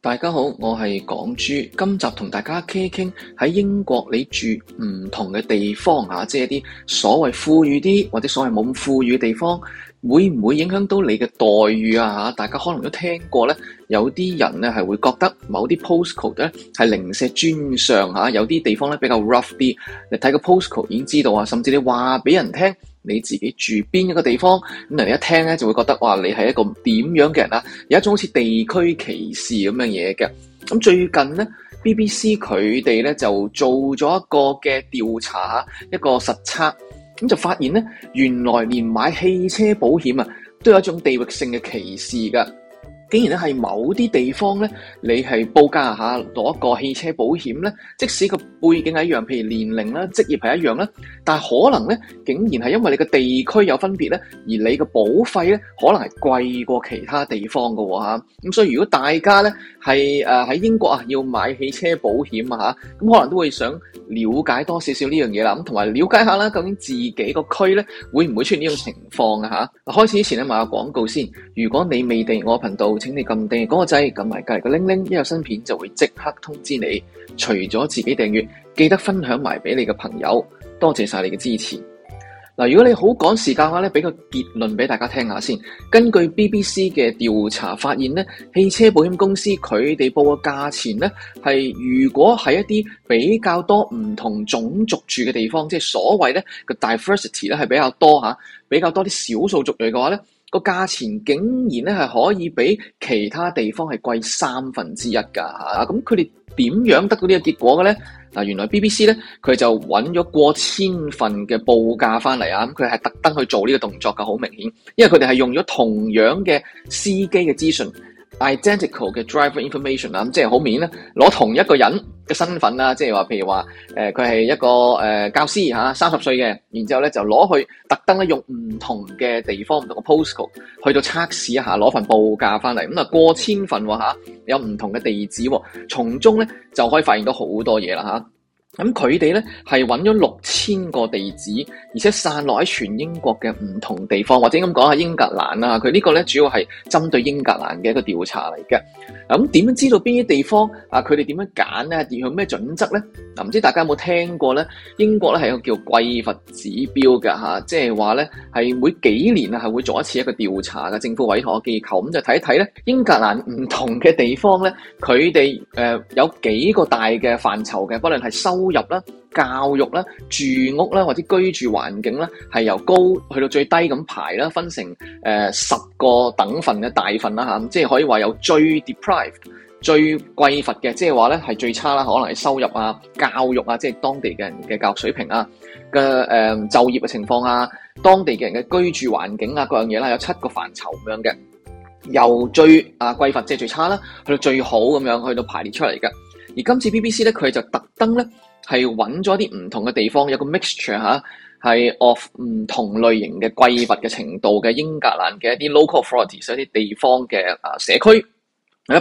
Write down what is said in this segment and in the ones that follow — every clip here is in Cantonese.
大家好，我係港豬，今集同大家傾傾喺英國你住唔同嘅地方啊，即係一啲所謂富裕啲或者所謂冇咁富裕嘅地方。會唔會影響到你嘅待遇啊？吓，大家可能都聽過咧，有啲人咧係會覺得某啲 postcode 咧係零舍尊上吓，有啲地方咧比較 rough 啲，你睇個 postcode 已經知道啊，甚至你話俾人聽，你自己住邊一個地方，咁人哋一聽咧就會覺得，哇，你係一個點樣嘅人啊？有一種好似地區歧視咁樣嘢嘅。咁最近咧，BBC 佢哋咧就做咗一個嘅調查，一個實測。咁就發現咧，原來連買汽車保險啊，都有一種地域性嘅歧視噶。竟然咧，係某啲地方咧，你係報價下攞一個汽車保險咧，即使個背景係一樣，譬如年齡啦、職業係一樣啦，但係可能咧，竟然係因為你個地區有分別咧，而你個保費咧，可能係貴過其他地方噶吓。咁、嗯、所以如果大家咧係誒喺英國啊，要買汽車保險啊吓，咁、嗯、可能都會想了解多少少呢樣嘢啦。咁同埋了解下啦，究竟自己個區咧會唔會出現呢種情況啊吓？開始之前咧，買個廣告先。如果你未訂我頻道。請你撳訂閱嗰個掣，撳埋隔籬個鈴鈴，一有新片就會即刻通知你。除咗自己訂閱，記得分享埋俾你嘅朋友。多謝晒你嘅支持。嗱，如果你好趕時間嘅話咧，俾個結論俾大家聽下先。根據 BBC 嘅調查發現咧，汽車保險公司佢哋報嘅價錢咧，係如果係一啲比較多唔同種族住嘅地方，即係所謂咧個 diversity 咧係比較多吓，比較多啲少數族裔嘅話咧，個價錢竟然咧係可以比其他地方係貴三分之一噶吓，咁佢哋點樣得到呢個結果嘅咧？嗱，原來 BBC 咧佢就揾咗過千份嘅報價翻嚟啊，咁佢係特登去做呢個動作噶，好明顯，因為佢哋係用咗同樣嘅司機嘅資訊。identical 嘅 driver information 啊，即係好面啦，攞同一個人嘅身份啦，即係話譬如話，誒佢係一個誒、呃、教師啊，三十歲嘅，然之後咧就攞去特登咧用唔同嘅地方唔同嘅 postcode 去到測試一下，攞份報價翻嚟，咁、嗯、啊過千份喎、啊、有唔同嘅地址，從、啊、中咧就可以發現到好多嘢啦。咁佢哋咧係揾咗六千個地址，而且散落喺全英國嘅唔同地方，或者咁講下英格蘭啦。佢呢個咧主要係針對英格蘭嘅一個調查嚟嘅。咁點樣知道邊啲地方啊？佢哋點樣揀咧？而有咩準則咧？嗱、啊，唔知大家有冇聽過咧？英國咧係一個叫匱乏指標嘅吓，即係話咧係每幾年啊係會做一次一個調查嘅，政府委託嘅機構，咁就睇一睇咧英格蘭唔同嘅地方咧，佢哋誒有幾個大嘅範疇嘅，不論係收。收入啦、教育啦、住屋啦或者居住環境咧，係由高去到最低咁排啦，分成誒呃、十個等份嘅大份啦吓、啊，即係可以話有最 deprived、最匱乏嘅，即係話咧係最差啦，可能係收入啊、教育啊，即係當地嘅人嘅教育水平啊嘅誒、呃、就業嘅情況啊，當地嘅人嘅居住環境啊各樣嘢啦，有七個範疇咁樣嘅，由最啊匱乏即係最差啦，去到最好咁樣去到排列出嚟嘅。而今次 BBC 咧，佢就特登咧。係揾咗啲唔同嘅地方，有個 mixture 吓，係 of 唔同類型嘅匱乏嘅程度嘅英格蘭嘅一啲 local authorities，一啲地方嘅啊社區，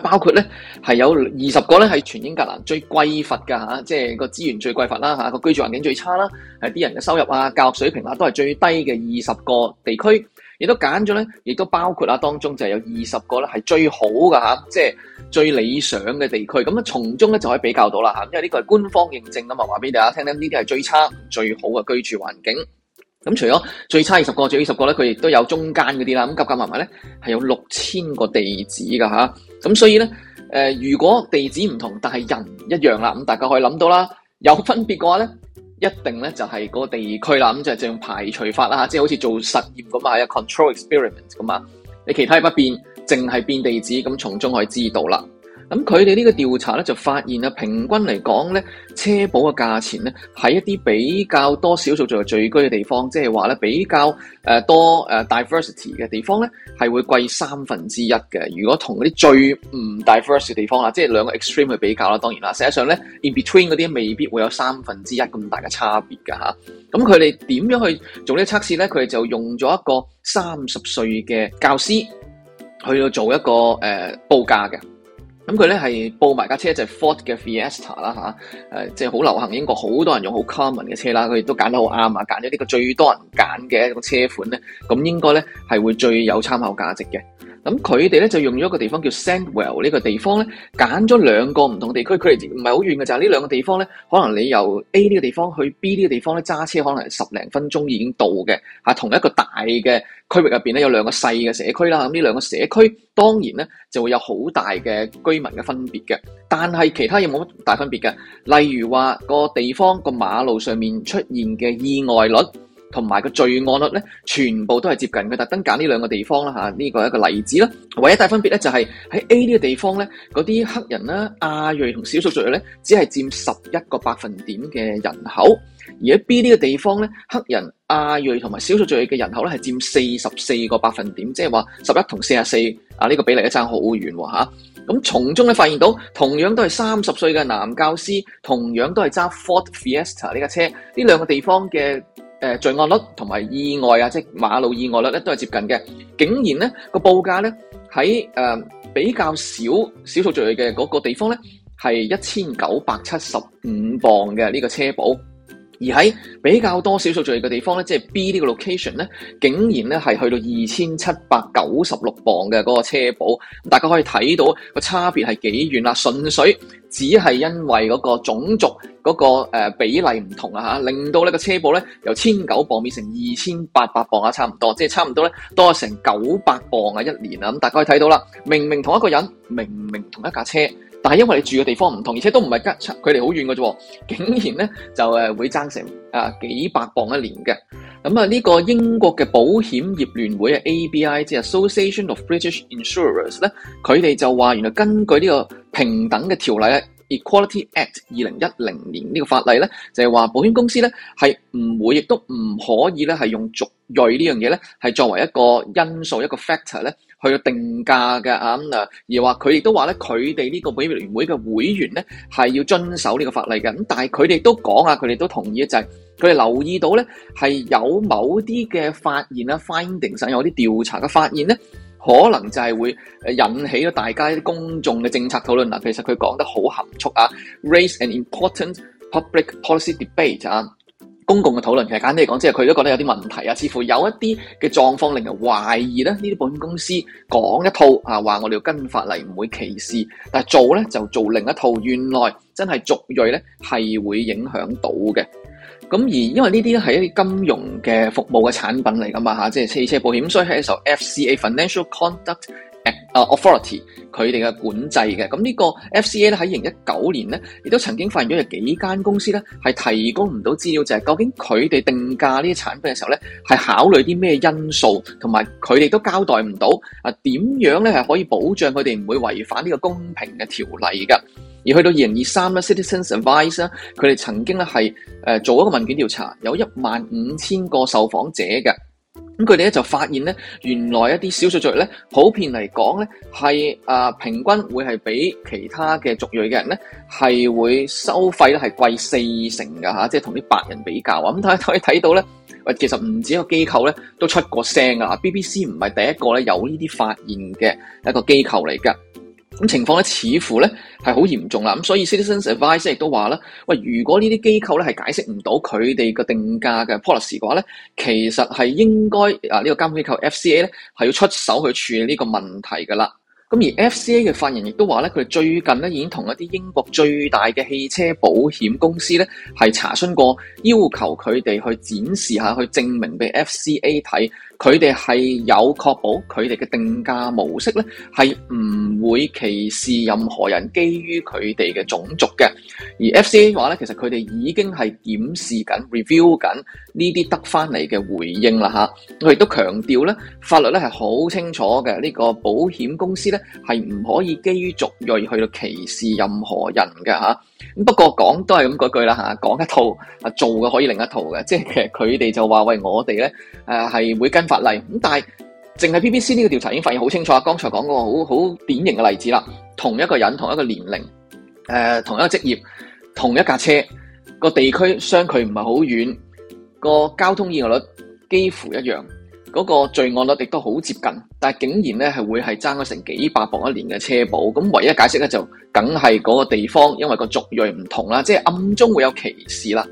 包括咧係有二十個咧係全英格蘭最匱乏㗎。即係個資源最匱乏啦嚇，個居住環境最差啦，係啲人嘅收入啊、教育水平啊都係最低嘅二十個地區。亦都揀咗咧，亦都包括啦，當中就係有二十個咧，係最好㗎，即係最理想嘅地區。咁樣從中咧就可以比較到啦，因為呢個係官方認證啊嘛，話俾大家聽咧，呢啲係最差、最好嘅居住環境。咁除咗最差二十個、最二十個咧，佢亦都有中間嗰啲啦。咁夾夾埋埋咧係有六千個地址㗎。咁所以咧，誒如果地址唔同，但係人一樣啦，咁大家可以諗到啦，有分別嘅話咧。一定呢就係嗰個地區啦，咁就係用排除法啦，即係好似做實驗咁啊，有 control experiment 咁啊，你其他嘢不變，淨係變地址咁，從中可以知道啦。咁佢哋呢個調查咧就發現啦，平均嚟講咧，車保嘅價錢咧喺一啲比較多少數族裔聚居嘅地方，即係話咧比較、呃、多、呃、diversity 嘅地方咧，係會貴三分之一嘅。如果同嗰啲最唔 diversity 嘅地方啊，即係兩個 extreme 去比較啦，當然啦，實際上咧 in between 嗰啲未必會有三分之一咁大嘅差別㗎。咁佢哋點樣去做呢個測試咧？佢哋就用咗一個三十歲嘅教師去到做一個誒、呃、報價嘅。咁佢咧係報埋架車就係、是、Ford 嘅 Fiesta 啦、啊、吓，即係好流行英國，好多人用好 common 嘅車啦，佢亦都揀得好啱啊，揀咗呢個最多人揀嘅一種車款咧，咁應該咧係會最有參考價值嘅。咁佢哋咧就用咗一個地方叫 Sandwell 呢個地方咧，揀咗兩個唔同嘅地區，距離唔係好遠嘅，就係呢兩個地方咧。可能你由 A 呢個地方去 B 呢個地方咧，揸車可能十零分鐘已經到嘅。吓，同一個大嘅區域入面咧，有兩個細嘅社區啦。咁呢兩個社區當然咧就會有好大嘅居民嘅分別嘅，但係其他有冇乜大分別嘅。例如話個地方個馬路上面出現嘅意外率，同埋個罪案率咧，全部都係接近。佢特登揀呢兩個地方啦嚇，呢個一個例子啦。唯一大分別咧就係喺 A 呢個地方咧，嗰啲黑人啦、亞裔同少數族裔咧，只係佔十一個百分點嘅人口；而喺 B 呢個地方咧，黑人、亞裔同埋少數族裔嘅人口咧係佔四十四個百分點，即係話十一同四十四啊，呢個比例都爭好遠喎嚇。咁從中咧發現到，同樣都係三十歲嘅男教師，同樣都係揸 Ford Fiesta 呢架車，呢兩個地方嘅。誒罪案率同埋意外啊，即係馬路意外率咧，都係接近嘅。竟然咧，個報價咧喺誒比較少少數族裔嘅嗰個地方咧，係一千九百七十五磅嘅呢、這個車保。而喺比較多少數族裔嘅地方咧，即係 B 呢個 location 咧，竟然咧係去到二千七百九十六磅嘅嗰個車保，咁大家可以睇到個差別係幾遠啦。純粹只係因為嗰個種族嗰個誒比例唔同啊嚇，令到呢個車保咧由千九磅變成二千八百磅啊，差唔多，即係差唔多咧多成九百磅啊一年啊，咁大家可以睇到啦。明明同一個人，明明同一架車。但係因為你住嘅地方唔同，而且都唔係距離好遠嘅啫，竟然咧就誒會爭成啊幾百磅一年嘅。咁、嗯、啊，呢、這個英國嘅保險業聯會啊，ABI 即係 Association of British Insurers 咧，佢哋就話原來根據呢個平等嘅條例 Equality Act 二零一零年呢個法例咧，就係、是、話保險公司咧係唔會亦都唔可以咧係用族裔呢樣嘢咧係作為一個因素一個 factor 咧。佢嘅定價嘅啊，咁啊，而話佢亦都話咧，佢哋呢個委員會嘅會員咧，係要遵守呢個法例嘅。咁但係佢哋都講啊，佢哋都同意啊，就係佢哋留意到咧，係有某啲嘅發現啊，finding 上有啲調查嘅發現咧，可能就係會誒引起咗大家啲公眾嘅政策討論嗱。其實佢講得好含蓄啊，raise an important public policy debate 啊、嗯。公共嘅討論其實簡單嚟講，即係佢都覺得有啲問題啊，似乎有一啲嘅狀況令人懷疑咧，呢啲保險公司講一套啊，話我哋要跟法例唔會歧視，但係做咧就做另一套。原來真係族裔咧係會影響到嘅。咁而因為呢啲係一啲金融嘅服務嘅產品嚟噶嘛吓，即係汽車保險，所以受 FCA Financial Conduct 啊，Authority 佢哋嘅管制嘅，咁呢個 FCA 咧喺二零一九年咧，亦都曾經發現咗有幾間公司咧係提供唔到資料，就係究竟佢哋定價呢啲產品嘅時候咧係考慮啲咩因素，同埋佢哋都交代唔到啊點樣咧係可以保障佢哋唔會違反呢個公平嘅條例嘅。而去到二零二三咧，Citizens Advice 咧，佢哋曾經咧係誒做一個問卷調查，有一萬五千個受訪者嘅。咁佢哋咧就發現咧，原來一啲少數族裔咧，普遍嚟講咧係啊平均會係比其他嘅族裔嘅人咧係會收費咧係貴四成㗎嚇，即係同啲白人比較啊。咁大家可以睇到咧，喂，其實唔止一個機構咧都出過聲㗎，BBC 唔係第一個咧有呢啲發現嘅一個機構嚟㗎。咁情況咧，似乎咧係好嚴重啦。咁所以 Citizens Advice 亦都話咧：喂，如果呢啲機構咧係解釋唔到佢哋個定價嘅 policy 嘅話咧，其實係應該啊呢個監管機構 FCA 咧係要出手去處理呢個問題噶啦。咁而 FCA 嘅發言亦都話咧，佢哋最近咧已經同一啲英國最大嘅汽車保險公司咧係查詢過，要求佢哋去展示下去證明俾 FCA 睇。佢哋係有確保佢哋嘅定價模式咧，係唔會歧視任何人，基於佢哋嘅種族嘅。而 FCA 話咧，其實佢哋已經係檢視緊、review 緊呢啲得翻嚟嘅回應啦吓，佢亦都強調咧，法律咧係好清楚嘅，呢、呢個保險公司咧係唔可以基於族裔去到歧視任何人嘅吓，咁不過講都係咁嗰句啦吓，講一套啊做嘅可以另一套嘅，即係其實佢哋就話，喂，我哋咧誒係會跟。法例咁，但係淨係 BBC 呢個調查已經發現好清楚啊！剛才講個好好典型嘅例子啦，同一個人、同一個年齡、誒、呃、同一個職業、同一架車，個地區相距唔係好遠，個交通意外率幾乎一樣，嗰、那個罪案率亦都好接近，但係竟然咧係會係爭咗成幾百磅一年嘅車保，咁唯一解釋咧就梗係嗰個地方，因為個族裔唔同啦，即係暗中會有歧視啦。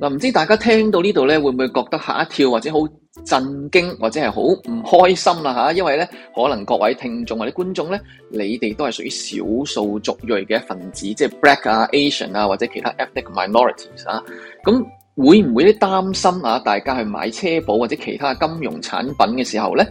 嗱，唔知大家聽到呢度咧，會唔會覺得嚇一跳，或者好震驚，或者係好唔開心啦嚇？因為咧，可能各位聽眾或者觀眾咧，你哋都係屬於少數族裔嘅一份子，即係 Black 啊、Asian 啊，或者其他 ethnic minorities 啊。咁會唔會啲擔心啊？大家去買車保或者其他金融產品嘅時候咧，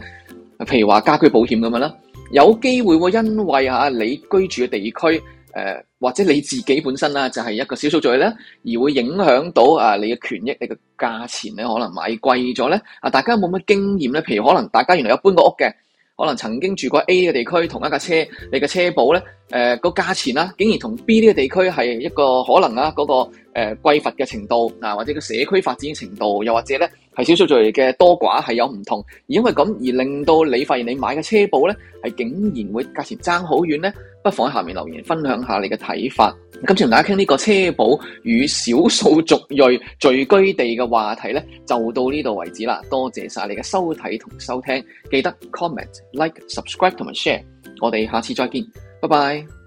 譬如話家居保險咁樣啦，有機會會因為嚇、啊、你居住嘅地區。誒、呃，或者你自己本身啦、啊，就係、是、一個少數族裔咧，而會影響到啊你嘅權益，你嘅價錢咧，可能買貴咗咧。啊，大家有冇乜經驗咧？譬如可能大家原來有搬過屋嘅，可能曾經住過 A 嘅地區，同一架車，你嘅車保咧，誒、呃、個價錢啦、啊，竟然同 B 呢個地區係一個可能啦、啊，嗰、那個誒、呃、貴乏嘅程度，啊或者個社區發展程度，又或者咧係少數族裔嘅多寡係有唔同，而因為咁而令到你發現你買嘅車保咧，係竟然會價錢爭好遠咧。不妨喺下面留言分享下你嘅睇法。今次同大家傾呢個車保與少數族裔聚居地嘅話題咧，就到呢度為止啦。多謝晒你嘅收睇同收聽，記得 comment、like、subscribe 同埋 share。我哋下次再見，拜拜。